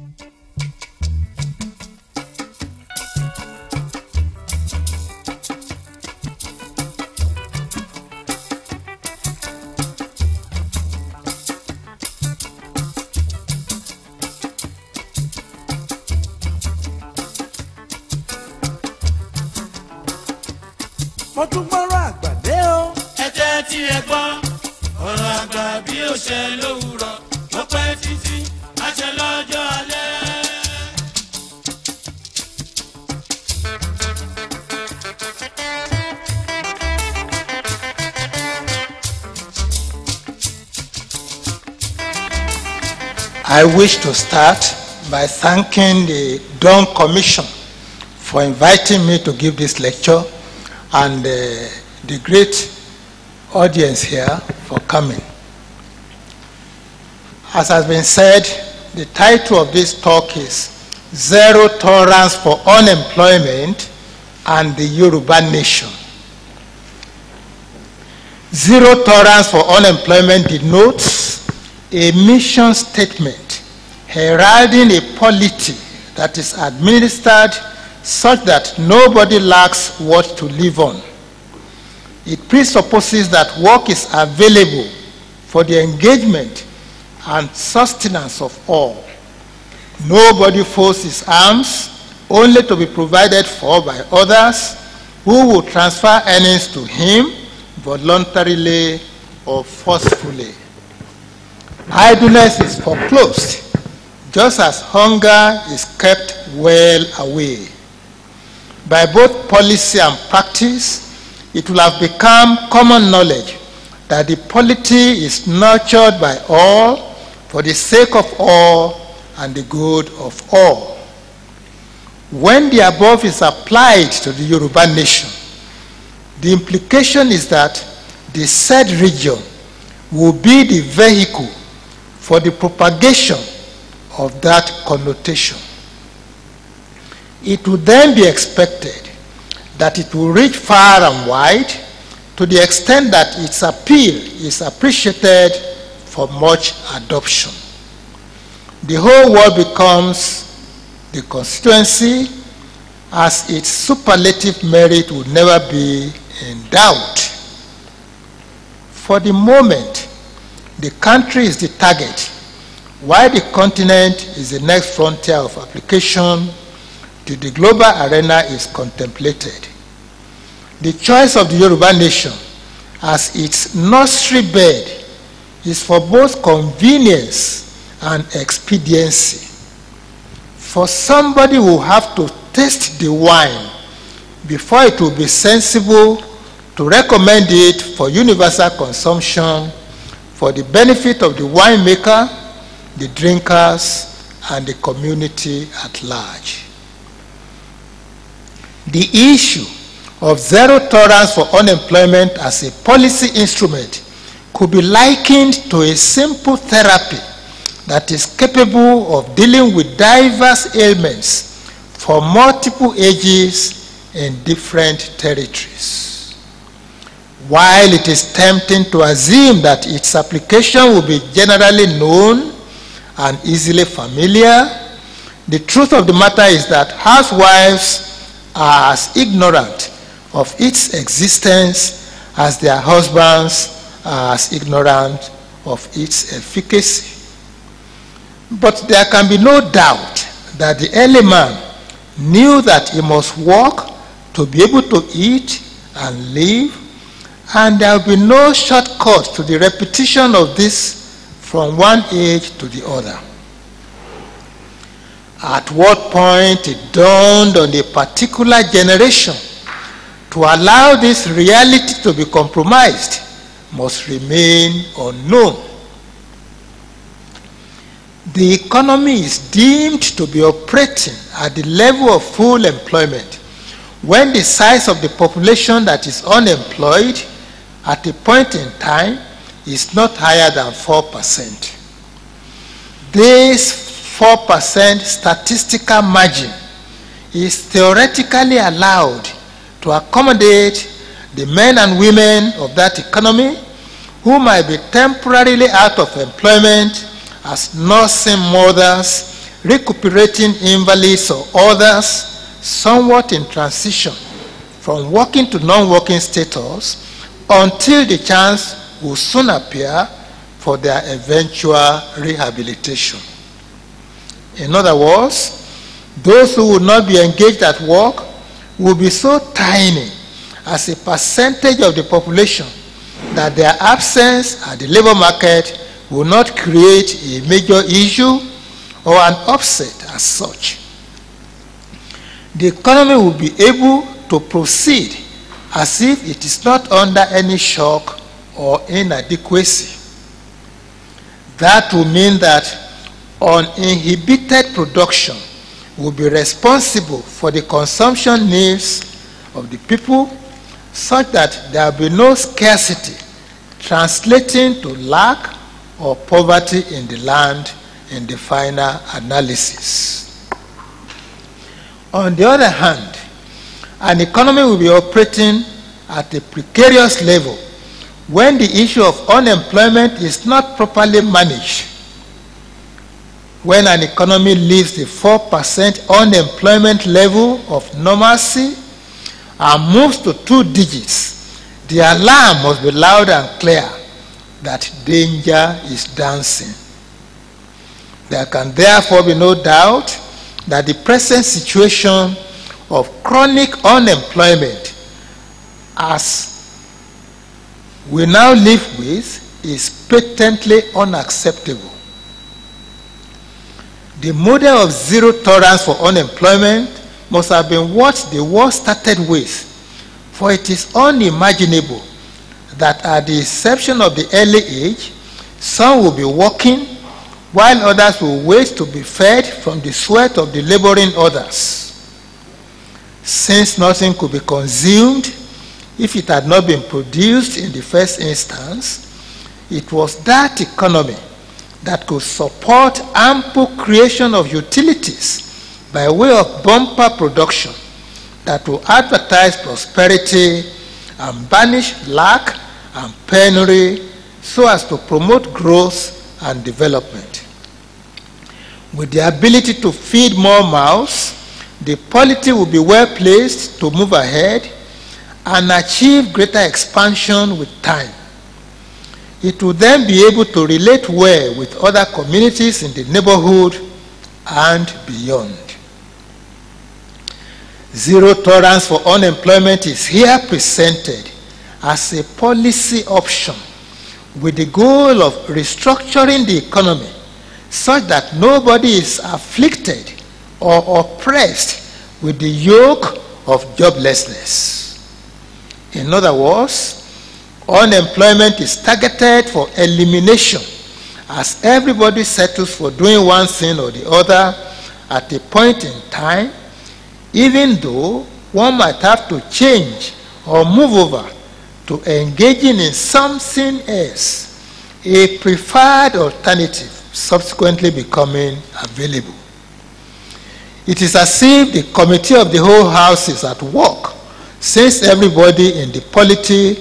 mo tún gbọ́rọ̀ àgbà dé o. ẹ tẹ́ tí gbọ́ ọ̀rọ̀ àgbà bí ó ṣe lówó. wish to start by thanking the Dawn Commission for inviting me to give this lecture and uh, the great audience here for coming. As has been said, the title of this talk is Zero Tolerance for Unemployment and the Yoruba Nation. Zero tolerance for unemployment denotes a mission statement heralding a polity that is administered such that nobody lacks what to live on. It presupposes that work is available for the engagement and sustenance of all. Nobody folds his arms only to be provided for by others who will transfer earnings to him voluntarily or forcefully. Idleness is foreclosed just as hunger is kept well away. By both policy and practice, it will have become common knowledge that the polity is nurtured by all for the sake of all and the good of all. When the above is applied to the Yoruba nation, the implication is that the said region will be the vehicle for the propagation of that connotation. It would then be expected that it will reach far and wide to the extent that its appeal is appreciated for much adoption. The whole world becomes the constituency as its superlative merit would never be in doubt. For the moment, the country is the target why the continent is the next frontier of application to the global arena is contemplated. The choice of the Yoruba nation as its nursery bed is for both convenience and expediency. For somebody will have to taste the wine before it will be sensible to recommend it for universal consumption for the benefit of the winemaker the drinkers, and the community at large. The issue of zero tolerance for unemployment as a policy instrument could be likened to a simple therapy that is capable of dealing with diverse ailments for multiple ages in different territories. While it is tempting to assume that its application will be generally known and easily familiar. The truth of the matter is that housewives are as ignorant of its existence as their husbands are as ignorant of its efficacy. But there can be no doubt that the early man knew that he must work to be able to eat and live, and there will be no shortcut to the repetition of this from one age to the other. At what point it dawned on a particular generation to allow this reality to be compromised must remain unknown. The economy is deemed to be operating at the level of full employment when the size of the population that is unemployed at a point in time is not higher than 4%. This 4% statistical margin is theoretically allowed to accommodate the men and women of that economy who might be temporarily out of employment as nursing mothers, recuperating invalids or others somewhat in transition from working to non-working status until the chance will soon appear for their eventual rehabilitation. In other words, those who will not be engaged at work will be so tiny as a percentage of the population that their absence at the labor market will not create a major issue or an upset as such. The economy will be able to proceed as if it is not under any shock or inadequacy. That will mean that uninhibited production will be responsible for the consumption needs of the people such that there will be no scarcity translating to lack or poverty in the land in the final analysis. On the other hand, an economy will be operating at a precarious level when the issue of unemployment is not properly managed, when an economy leaves the 4% unemployment level of normalcy and moves to two digits, the alarm must be loud and clear that danger is dancing. There can therefore be no doubt that the present situation of chronic unemployment has we now live with is patently unacceptable. The model of zero tolerance for unemployment must have been what the war started with, for it is unimaginable that at the exception of the early age, some will be working while others will wait to be fed from the sweat of the laboring others. Since nothing could be consumed if it had not been produced in the first instance, it was that economy that could support ample creation of utilities by way of bumper production that will advertise prosperity and banish lack and penury so as to promote growth and development. With the ability to feed more mouths, the polity will be well placed to move ahead and achieve greater expansion with time. It will then be able to relate well with other communities in the neighborhood and beyond. Zero tolerance for unemployment is here presented as a policy option with the goal of restructuring the economy such that nobody is afflicted or oppressed with the yoke of joblessness. In other words, unemployment is targeted for elimination as everybody settles for doing one thing or the other at a point in time, even though one might have to change or move over to engaging in something else, a preferred alternative subsequently becoming available. It is as if the committee of the whole house is at work since everybody in the polity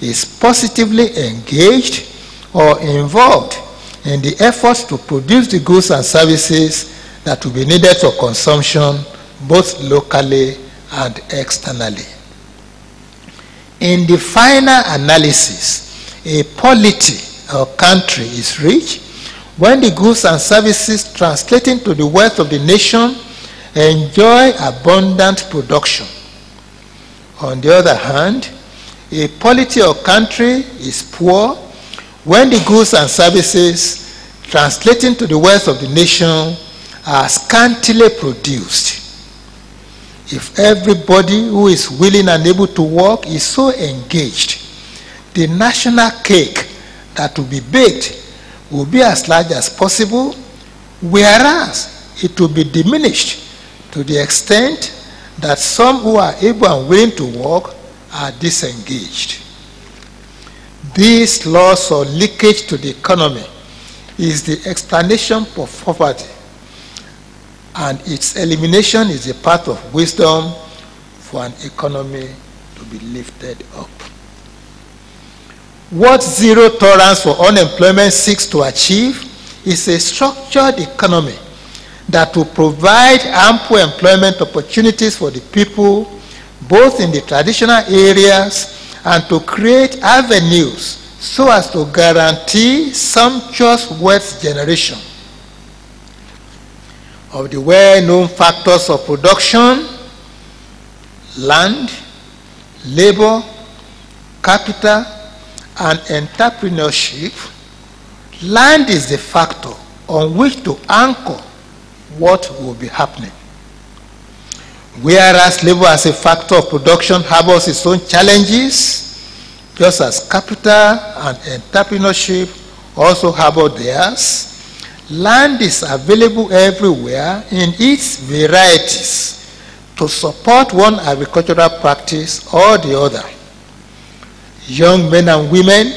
is positively engaged or involved in the efforts to produce the goods and services that will be needed for consumption both locally and externally. In the final analysis, a polity or country is rich when the goods and services translating to the wealth of the nation enjoy abundant production on the other hand, a polity or country is poor when the goods and services translating to the wealth of the nation are scantily produced. If everybody who is willing and able to work is so engaged, the national cake that will be baked will be as large as possible, whereas it will be diminished to the extent that some who are able and willing to work are disengaged. This loss or leakage to the economy is the explanation for poverty, and its elimination is a path of wisdom for an economy to be lifted up. What zero tolerance for unemployment seeks to achieve is a structured economy that will provide ample employment opportunities for the people, both in the traditional areas and to create avenues so as to guarantee sumptuous wealth generation. Of the well known factors of production, land, labor, capital, and entrepreneurship, land is the factor on which to anchor what will be happening. Whereas labor as a factor of production harbors its own challenges, just as capital and entrepreneurship also harbor theirs, land is available everywhere in its varieties to support one agricultural practice or the other. Young men and women,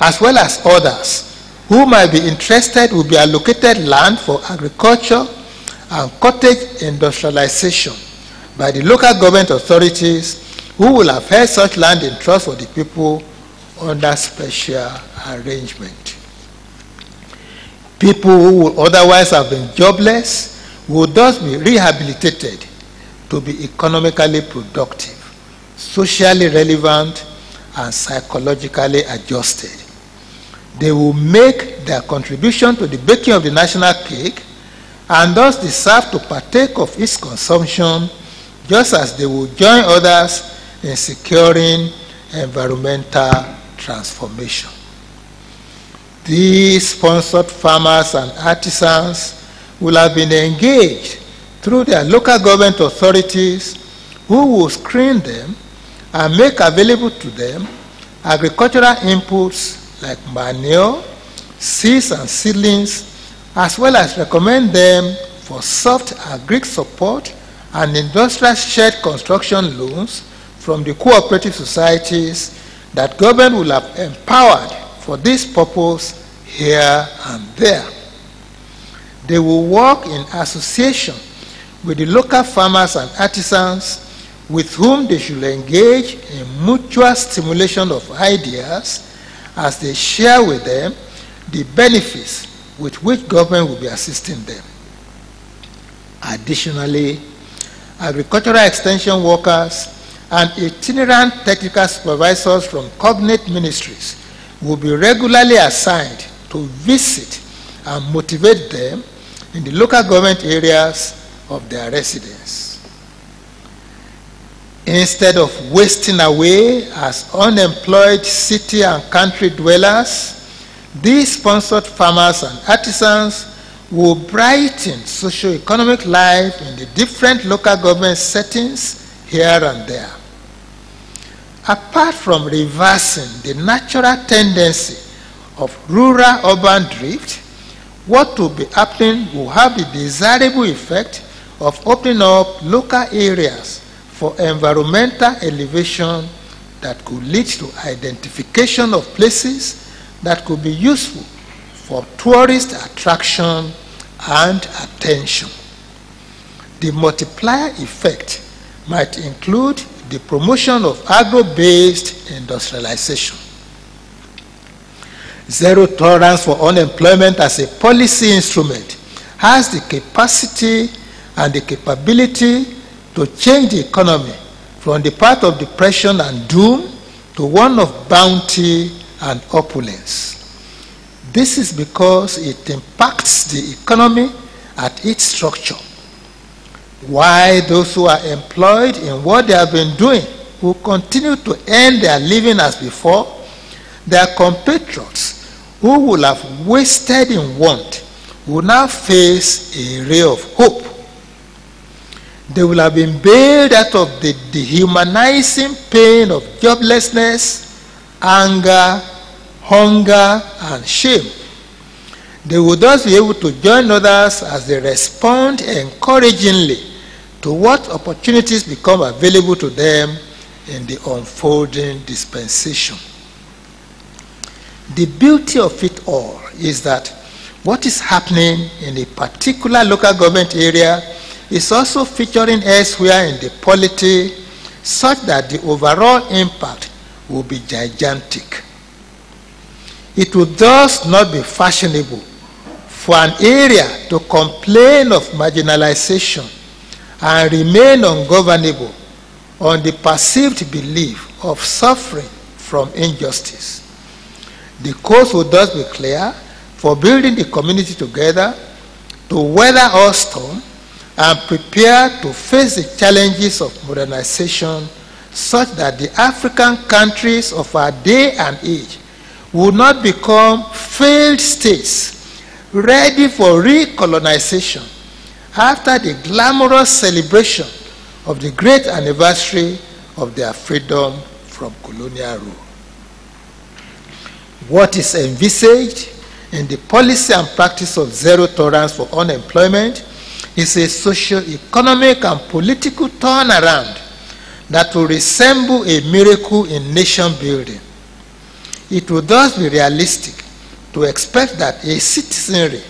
as well as others, who might be interested will be allocated land for agriculture and cottage industrialization by the local government authorities who will have held such land in trust for the people under special arrangement. People who would otherwise have been jobless will thus be rehabilitated to be economically productive, socially relevant, and psychologically adjusted. They will make their contribution to the baking of the national cake and thus deserve to partake of its consumption just as they will join others in securing environmental transformation. These sponsored farmers and artisans will have been engaged through their local government authorities who will screen them and make available to them agricultural inputs like manure, seeds and seedlings, as well as recommend them for soft agri support and industrial shed construction loans from the cooperative societies that government will have empowered for this purpose here and there. They will work in association with the local farmers and artisans with whom they should engage in mutual stimulation of ideas as they share with them the benefits with which government will be assisting them. Additionally, agricultural extension workers and itinerant technical supervisors from cognate ministries will be regularly assigned to visit and motivate them in the local government areas of their residence. Instead of wasting away as unemployed city and country dwellers, these sponsored farmers and artisans will brighten socio-economic life in the different local government settings here and there. Apart from reversing the natural tendency of rural-urban drift, what will be happening will have the desirable effect of opening up local areas for environmental elevation that could lead to identification of places that could be useful for tourist attraction and attention. The multiplier effect might include the promotion of agro-based industrialization. Zero tolerance for unemployment as a policy instrument has the capacity and the capability to change the economy from the path of depression and doom to one of bounty and opulence. This is because it impacts the economy at its structure. Why those who are employed in what they have been doing will continue to earn their living as before, their compatriots who will have wasted in want will now face a ray of hope they will have been bailed out of the dehumanizing pain of joblessness, anger, hunger, and shame. They will thus be able to join others as they respond encouragingly to what opportunities become available to them in the unfolding dispensation. The beauty of it all is that what is happening in a particular local government area is also featuring elsewhere in the polity such that the overall impact will be gigantic. It would thus not be fashionable for an area to complain of marginalization and remain ungovernable on the perceived belief of suffering from injustice. The cause would thus be clear for building the community together to weather all storms and prepare to face the challenges of modernization such that the African countries of our day and age will not become failed states ready for recolonization after the glamorous celebration of the great anniversary of their freedom from colonial rule. What is envisaged in the policy and practice of zero tolerance for unemployment is a socio-economic and political turnaround that will resemble a miracle in nation building. It would thus be realistic to expect that a citizenry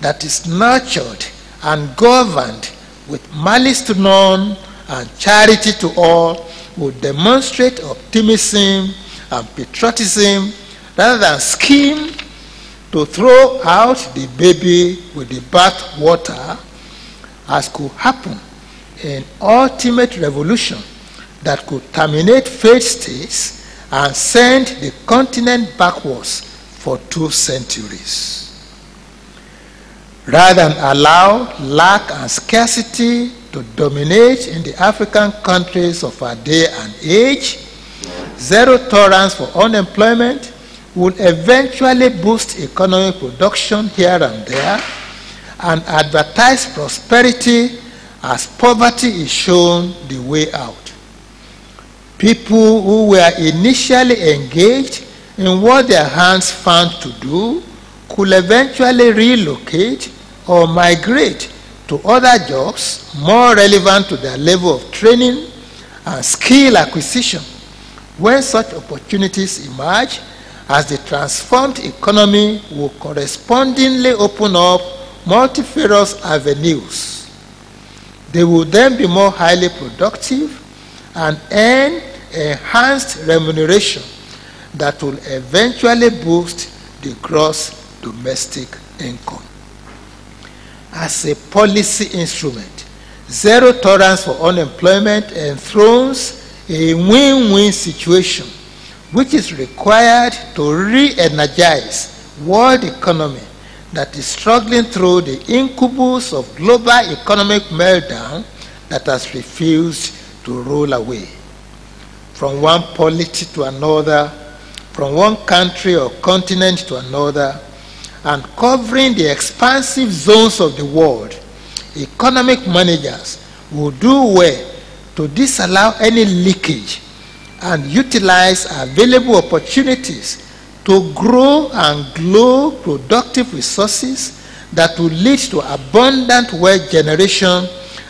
that is nurtured and governed with malice to none and charity to all would demonstrate optimism and patriotism rather than scheme to throw out the baby with the bathwater as could happen an ultimate revolution that could terminate failed states and send the continent backwards for two centuries. Rather than allow lack and scarcity to dominate in the African countries of our day and age, zero tolerance for unemployment would eventually boost economic production here and there and advertise prosperity as poverty is shown the way out. People who were initially engaged in what their hands found to do could eventually relocate or migrate to other jobs more relevant to their level of training and skill acquisition when such opportunities emerge as the transformed economy will correspondingly open up multifarious avenues. They will then be more highly productive and earn enhanced remuneration that will eventually boost the gross domestic income. As a policy instrument, zero tolerance for unemployment enthrones a win-win situation which is required to re-energize world economy that is struggling through the incubus of global economic meltdown that has refused to roll away. From one polity to another, from one country or continent to another, and covering the expansive zones of the world, economic managers will do well to disallow any leakage and utilize available opportunities to grow and grow productive resources that will lead to abundant wealth generation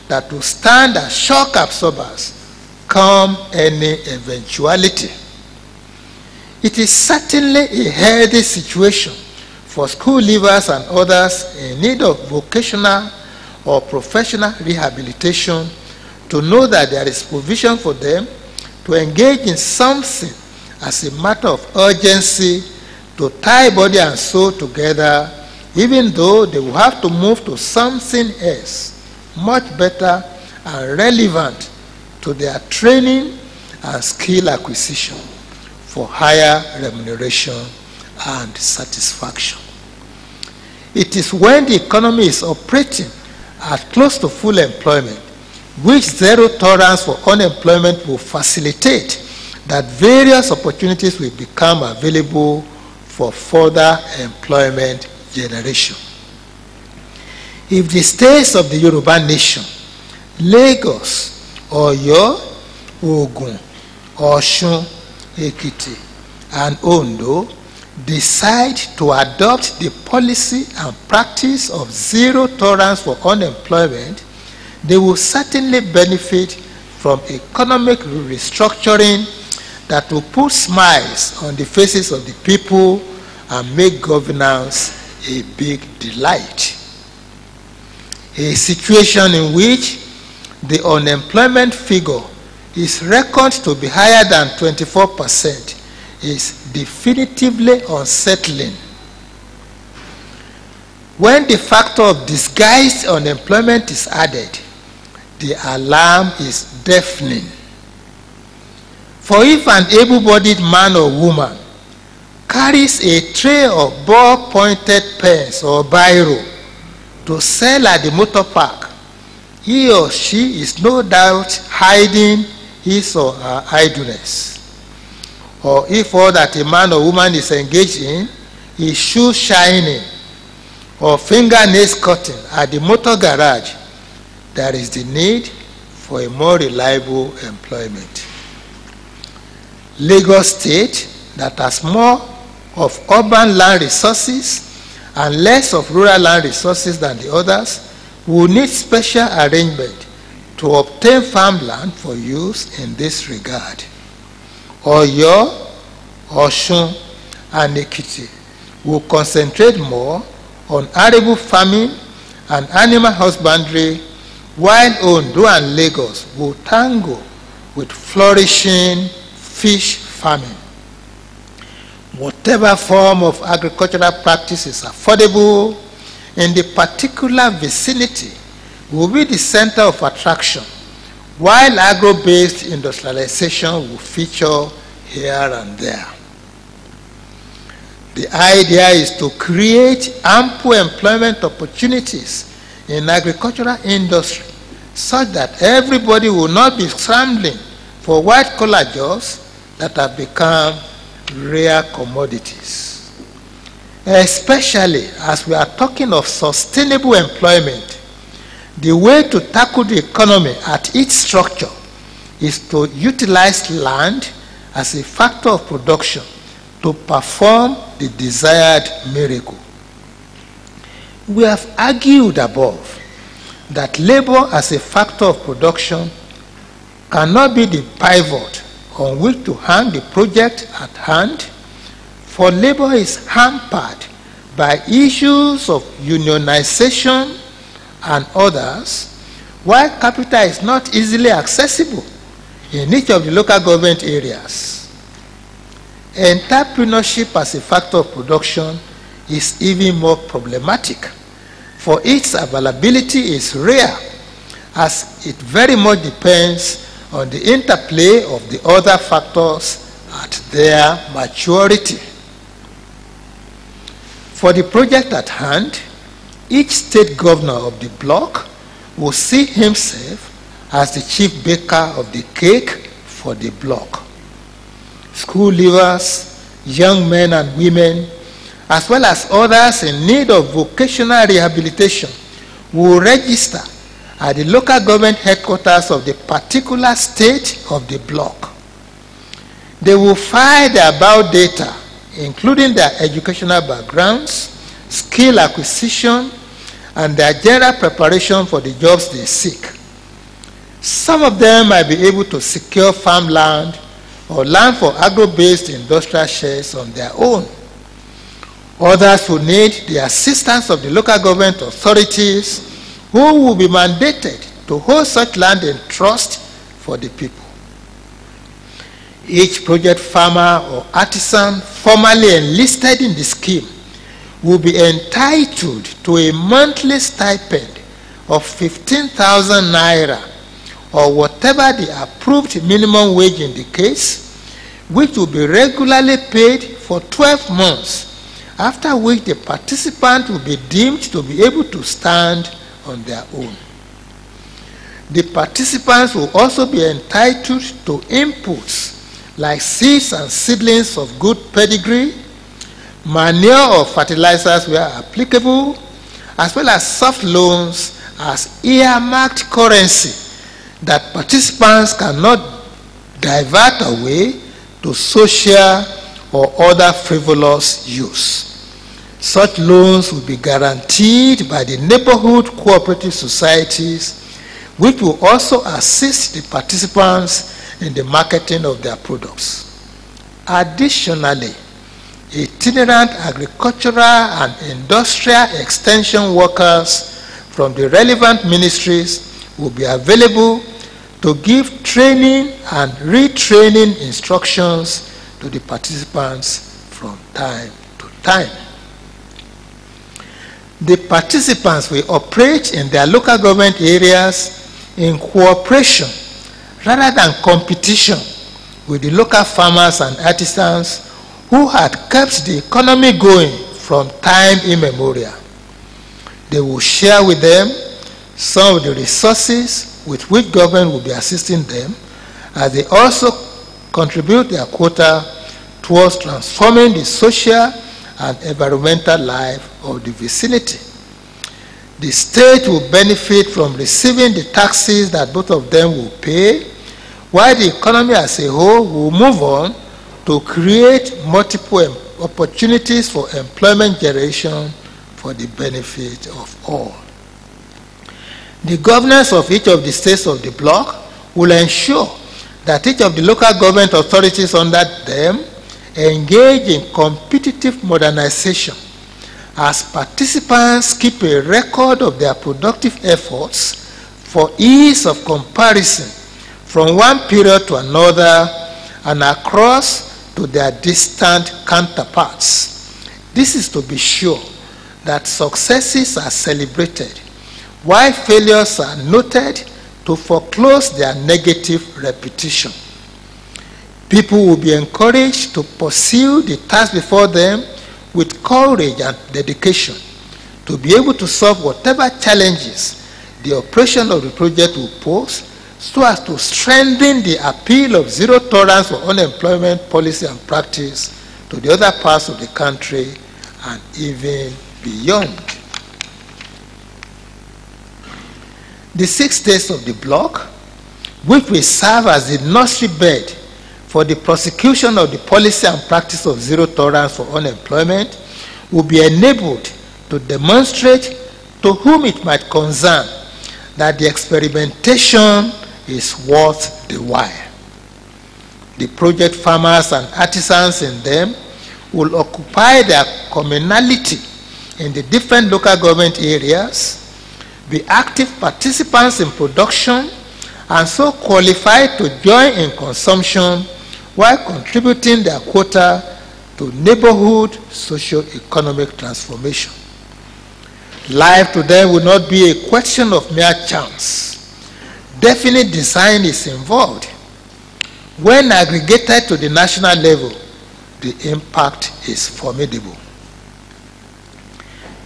that will stand as shock absorbers come any eventuality. It is certainly a healthy situation for school leavers and others in need of vocational or professional rehabilitation to know that there is provision for them to engage in something as a matter of urgency to tie body and soul together, even though they will have to move to something else, much better and relevant to their training and skill acquisition for higher remuneration and satisfaction. It is when the economy is operating at close to full employment, which zero tolerance for unemployment will facilitate that various opportunities will become available for further employment generation. If the states of the Yoruba nation, Lagos, Oyo, Ogun, Oshun, Ekiti, and Ondo decide to adopt the policy and practice of zero tolerance for unemployment, they will certainly benefit from economic restructuring that will put smiles on the faces of the people and make governance a big delight. A situation in which the unemployment figure is reckoned to be higher than 24% is definitively unsettling. When the factor of disguised unemployment is added, the alarm is deafening. For if an able bodied man or woman carries a tray of ball pointed pens or biro to sell at the motor park, he or she is no doubt hiding his or her idleness. Or if all that a man or woman is engaged in is shoe shining or fingernails cutting at the motor garage, there is the need for a more reliable employment. Lagos State that has more of urban land resources and less of rural land resources than the others will need special arrangement to obtain farmland for use in this regard. Oyo, Osun, and Ekiti will concentrate more on arable farming and animal husbandry while Ondo and Lagos will tangle with flourishing fish farming. Whatever form of agricultural practice is affordable in the particular vicinity will be the center of attraction, while agro-based industrialization will feature here and there. The idea is to create ample employment opportunities in agricultural industry such that everybody will not be scrambling for white-collar jobs that have become rare commodities. Especially as we are talking of sustainable employment, the way to tackle the economy at its structure is to utilize land as a factor of production to perform the desired miracle. We have argued above that labor as a factor of production cannot be the pivot on which to hang the project at hand, for labor is hampered by issues of unionization and others, while capital is not easily accessible in each of the local government areas. Entrepreneurship as a factor of production is even more problematic, for its availability is rare as it very much depends on the interplay of the other factors at their maturity. For the project at hand, each state governor of the block will see himself as the chief baker of the cake for the block. School leavers, young men and women, as well as others in need of vocational rehabilitation will register at the local government headquarters of the particular state of the block. They will file their about data, including their educational backgrounds, skill acquisition, and their general preparation for the jobs they seek. Some of them might be able to secure farmland or land for agro-based industrial shares on their own. Others will need the assistance of the local government authorities who will be mandated to hold such land in trust for the people. Each project farmer or artisan formerly enlisted in the scheme will be entitled to a monthly stipend of 15,000 naira or whatever the approved minimum wage in the case, which will be regularly paid for 12 months, after which the participant will be deemed to be able to stand on their own. The participants will also be entitled to inputs like seeds and seedlings of good pedigree, manure or fertilizers where applicable, as well as soft loans as earmarked currency that participants cannot divert away to social or other frivolous use. Such loans will be guaranteed by the neighborhood cooperative societies, which will also assist the participants in the marketing of their products. Additionally, itinerant agricultural and industrial extension workers from the relevant ministries will be available to give training and retraining instructions to the participants from time to time the participants will operate in their local government areas in cooperation rather than competition with the local farmers and artisans who had kept the economy going from time immemorial. They will share with them some of the resources with which government will be assisting them as they also contribute their quota towards transforming the social and environmental life of the vicinity. The state will benefit from receiving the taxes that both of them will pay, while the economy as a whole will move on to create multiple opportunities for employment generation for the benefit of all. The governors of each of the states of the bloc will ensure that each of the local government authorities under them engage in competitive modernization as participants keep a record of their productive efforts for ease of comparison from one period to another and across to their distant counterparts. This is to be sure that successes are celebrated while failures are noted to foreclose their negative repetition. People will be encouraged to pursue the task before them with courage and dedication to be able to solve whatever challenges the operation of the project will pose so as to strengthen the appeal of zero tolerance for unemployment policy and practice to the other parts of the country and even beyond. The six states of the block, which will serve as the nursery bed for the prosecution of the policy and practice of zero tolerance for unemployment will be enabled to demonstrate to whom it might concern that the experimentation is worth the while. The project farmers and artisans in them will occupy their communality in the different local government areas, be active participants in production, and so qualified to join in consumption while contributing their quota to neighborhood socio-economic transformation. Life to them will not be a question of mere chance. Definite design is involved. When aggregated to the national level, the impact is formidable.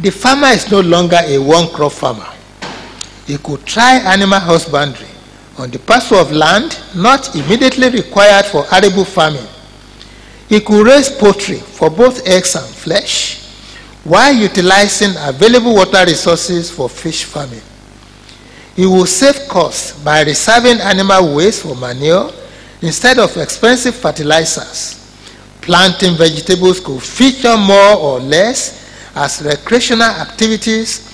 The farmer is no longer a one crop farmer. He could try animal husbandry on the parcel of land not immediately required for arable farming. He could raise poultry for both eggs and flesh while utilizing available water resources for fish farming. He will save costs by reserving animal waste for manure instead of expensive fertilizers. Planting vegetables could feature more or less as recreational activities,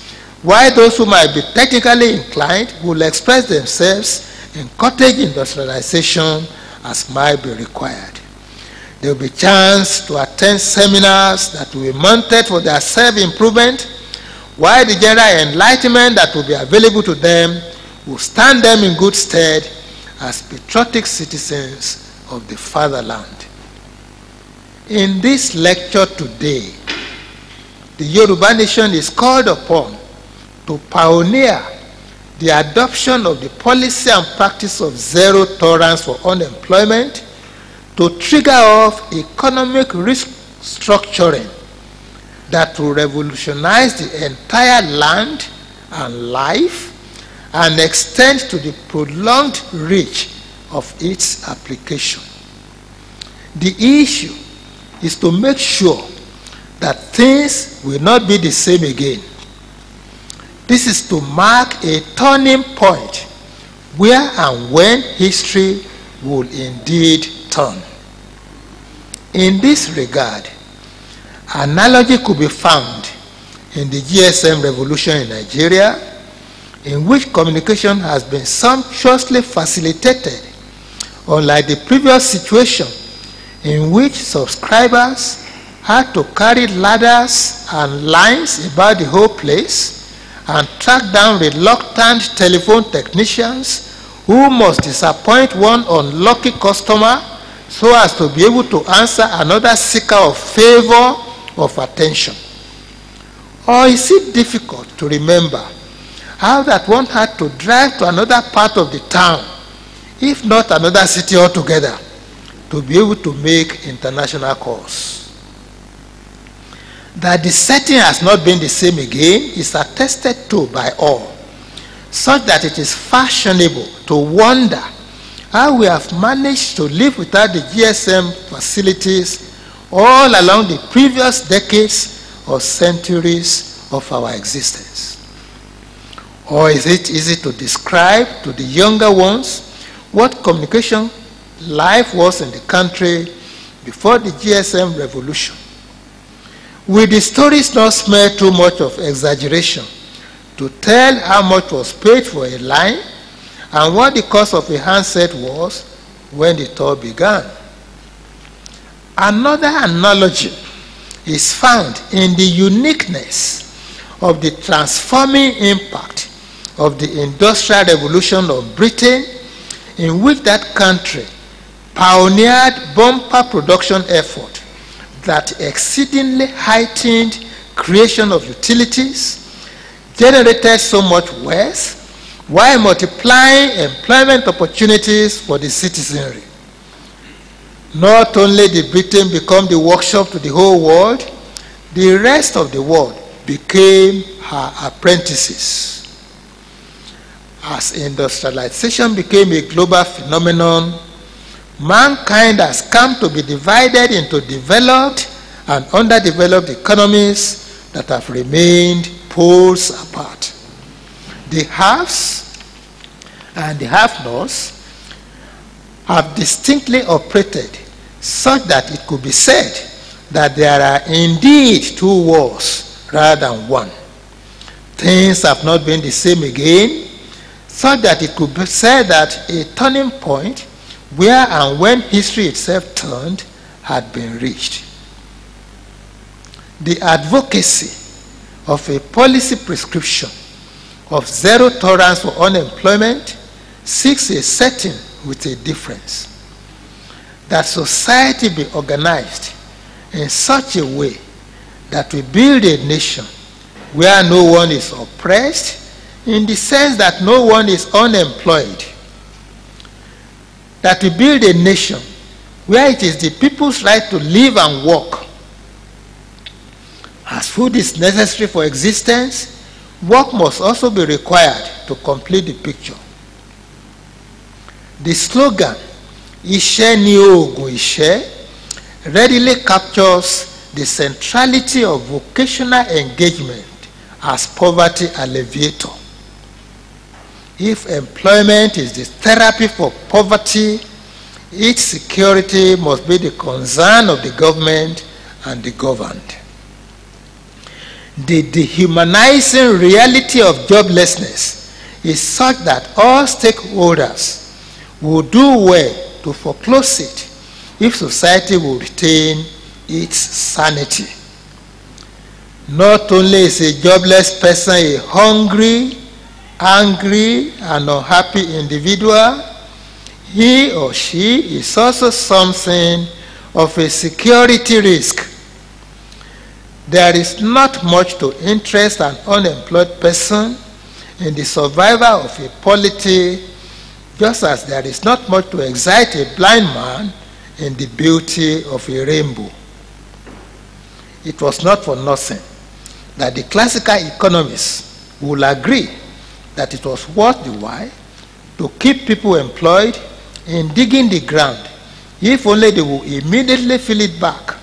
while those who might be technically inclined will express themselves encourage industrialization as might be required. There will be chance to attend seminars that will be mounted for their self-improvement, while the general enlightenment that will be available to them will stand them in good stead as patriotic citizens of the fatherland. In this lecture today, the Yoruba nation is called upon to pioneer the adoption of the policy and practice of zero tolerance for unemployment to trigger off economic restructuring that will revolutionize the entire land and life and extend to the prolonged reach of its application. The issue is to make sure that things will not be the same again this is to mark a turning point where and when history will indeed turn. In this regard, analogy could be found in the GSM revolution in Nigeria, in which communication has been sumptuously facilitated, unlike the previous situation in which subscribers had to carry ladders and lines about the whole place and track down reluctant telephone technicians who must disappoint one unlucky customer so as to be able to answer another seeker of favor of attention. Or is it difficult to remember how that one had to drive to another part of the town, if not another city altogether, to be able to make international calls? That the setting has not been the same again is attested to by all, such that it is fashionable to wonder how we have managed to live without the GSM facilities all along the previous decades or centuries of our existence. Or is it easy to describe to the younger ones what communication life was in the country before the GSM revolution? Will the stories not smell too much of exaggeration to tell how much was paid for a line and what the cost of a handset was when the tour began? Another analogy is found in the uniqueness of the transforming impact of the Industrial Revolution of Britain, in which that country pioneered bumper production effort that exceedingly heightened creation of utilities generated so much wealth while multiplying employment opportunities for the citizenry. Not only did Britain become the workshop to the whole world, the rest of the world became her apprentices. As industrialization became a global phenomenon, mankind has come to be divided into developed and underdeveloped economies that have remained poles apart. The haves and the have-nots have distinctly operated such that it could be said that there are indeed two wars rather than one. Things have not been the same again, such that it could be said that a turning point where and when history itself turned had been reached. The advocacy of a policy prescription of zero tolerance for unemployment seeks a setting with a difference. That society be organized in such a way that we build a nation where no one is oppressed in the sense that no one is unemployed that we build a nation where it is the people's right to live and work. As food is necessary for existence, work must also be required to complete the picture. The slogan, Ishe ni oògùn ìṣẹ́, readily captures the centrality of vocational engagement as poverty alleviator. If employment is the therapy for poverty, its security must be the concern of the government and the governed. The dehumanizing reality of joblessness is such that all stakeholders will do well to foreclose it if society will retain its sanity. Not only is a jobless person a hungry, angry and unhappy individual, he or she is also something of a security risk. There is not much to interest an unemployed person in the survival of a polity, just as there is not much to excite a blind man in the beauty of a rainbow. It was not for nothing that the classical economists will agree that it was worth the while to keep people employed in digging the ground if only they will immediately fill it back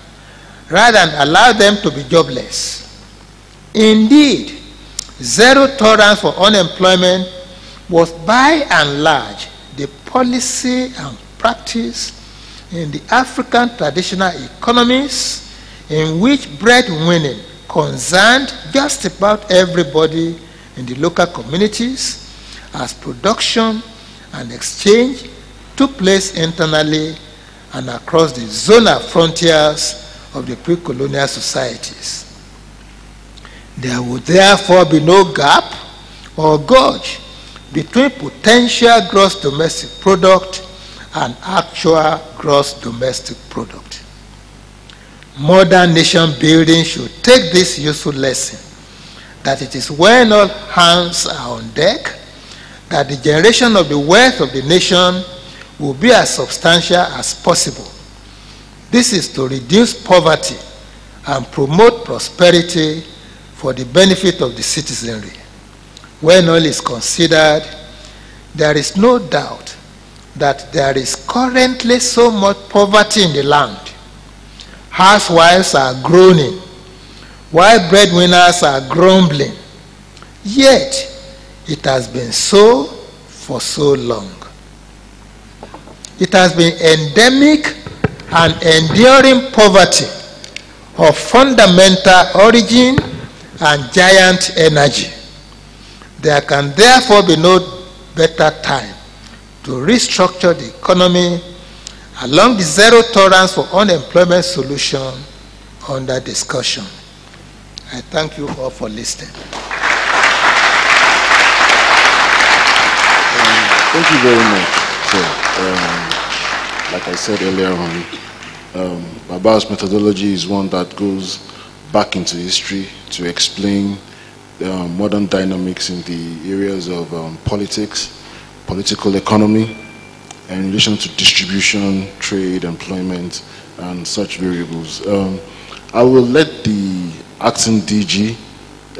rather than allow them to be jobless. Indeed, zero tolerance for unemployment was by and large the policy and practice in the African traditional economies in which breadwinning concerned just about everybody in the local communities as production and exchange took place internally and across the zonal frontiers of the pre-colonial societies. There would therefore be no gap or gorge between potential gross domestic product and actual gross domestic product. Modern nation building should take this useful lesson that it is when all hands are on deck that the generation of the wealth of the nation will be as substantial as possible. This is to reduce poverty and promote prosperity for the benefit of the citizenry. When all is considered, there is no doubt that there is currently so much poverty in the land. Housewives are groaning While breadwinners are grumbling, yet it has been so for so long. It has been endemic and enduring poverty of fundamental origin and giant energy. There can therefore be no better time to restructure the economy along the zero tolerance for unemployment solution under discussion. I thank you all for listening. Um, thank you very much. So, um, like I said earlier on, um, Baba's methodology is one that goes back into history to explain uh, modern dynamics in the areas of um, politics, political economy, and in relation to distribution, trade, employment, and such variables. Um, I will let acting DG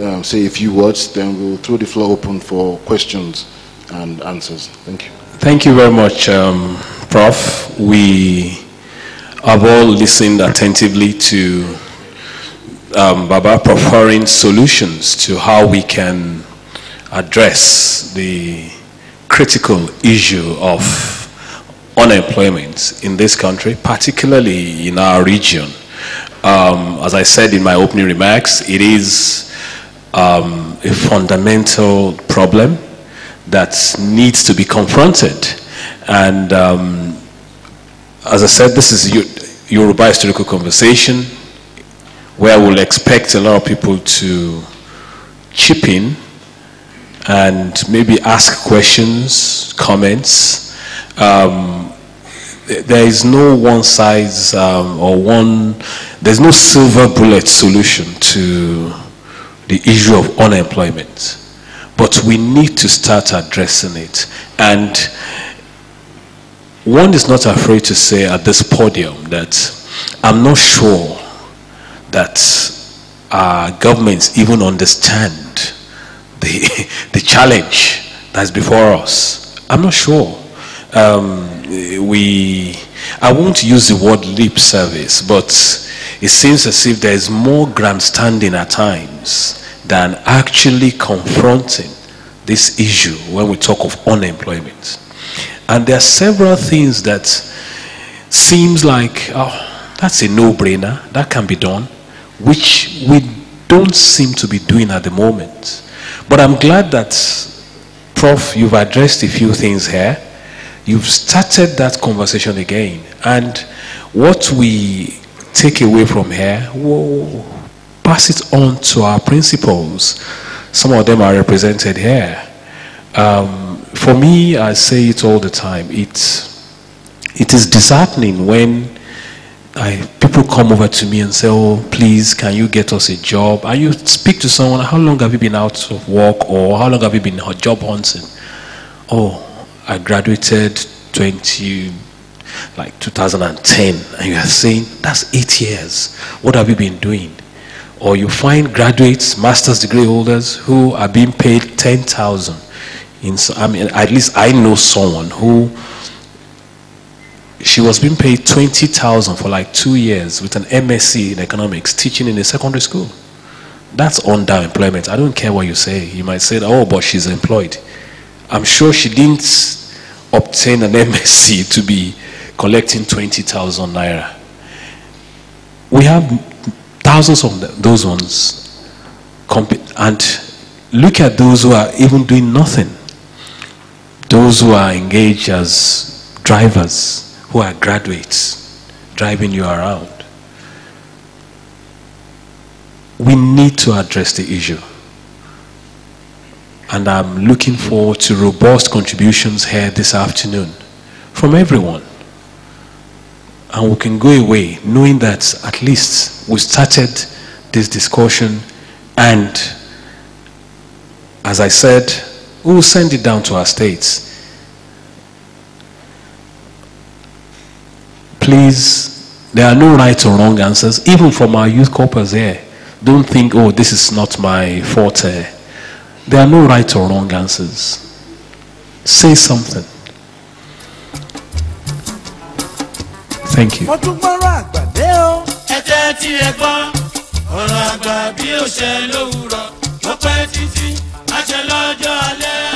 um, say a few words, then we'll throw the floor open for questions and answers. Thank you. Thank you very much, um, Prof. We have all listened attentively to um, Baba preferring solutions to how we can address the critical issue of unemployment in this country, particularly in our region. Um, as I said in my opening remarks, it is um, a fundamental problem that needs to be confronted. And um, as I said, this is Yoruba historical conversation where we'll expect a lot of people to chip in and maybe ask questions, comments. Um, there is no one size um, or one, there's no silver bullet solution to the issue of unemployment. But we need to start addressing it. And one is not afraid to say at this podium that I'm not sure that our governments even understand the, the challenge that's before us. I'm not sure. Um, uh, we, I won't use the word lip service, but it seems as if there is more grandstanding at times than actually confronting this issue when we talk of unemployment. And there are several things that seems like, oh, that's a no-brainer, that can be done, which we don't seem to be doing at the moment. But I'm glad that, Prof, you've addressed a few things here you've started that conversation again. And what we take away from here, we'll pass it on to our principals. Some of them are represented here. Um, for me, I say it all the time. It's it is disheartening when I, people come over to me and say, "Oh, please, can you get us a job?" And you speak to someone, "How long have you been out of work?" or "How long have you been job hunting?" Oh, I graduated 20 like 2010 and you are saying that's 8 years what have you been doing or you find graduates master's degree holders who are being paid 10,000 in I mean at least I know someone who she was being paid 20,000 for like 2 years with an MSc in economics teaching in a secondary school that's underemployment I don't care what you say you might say oh but she's employed I'm sure she didn't obtain an MSc to be collecting 20,000 naira. We have thousands of those ones. And look at those who are even doing nothing. Those who are engaged as drivers, who are graduates, driving you around. We need to address the issue and I'm looking forward to robust contributions here this afternoon from everyone. And we can go away knowing that at least we started this discussion and as I said, we will send it down to our states. Please, there are no right or wrong answers, even from our youth corpus here. Don't think, oh, this is not my forte there are no right or wrong answers. Say something. Thank you. ọ̀rọ̀ àgbà bí ó ṣe lówùrọ̀ ó pẹ́ títí ṣe lọ́jọ́ alẹ́.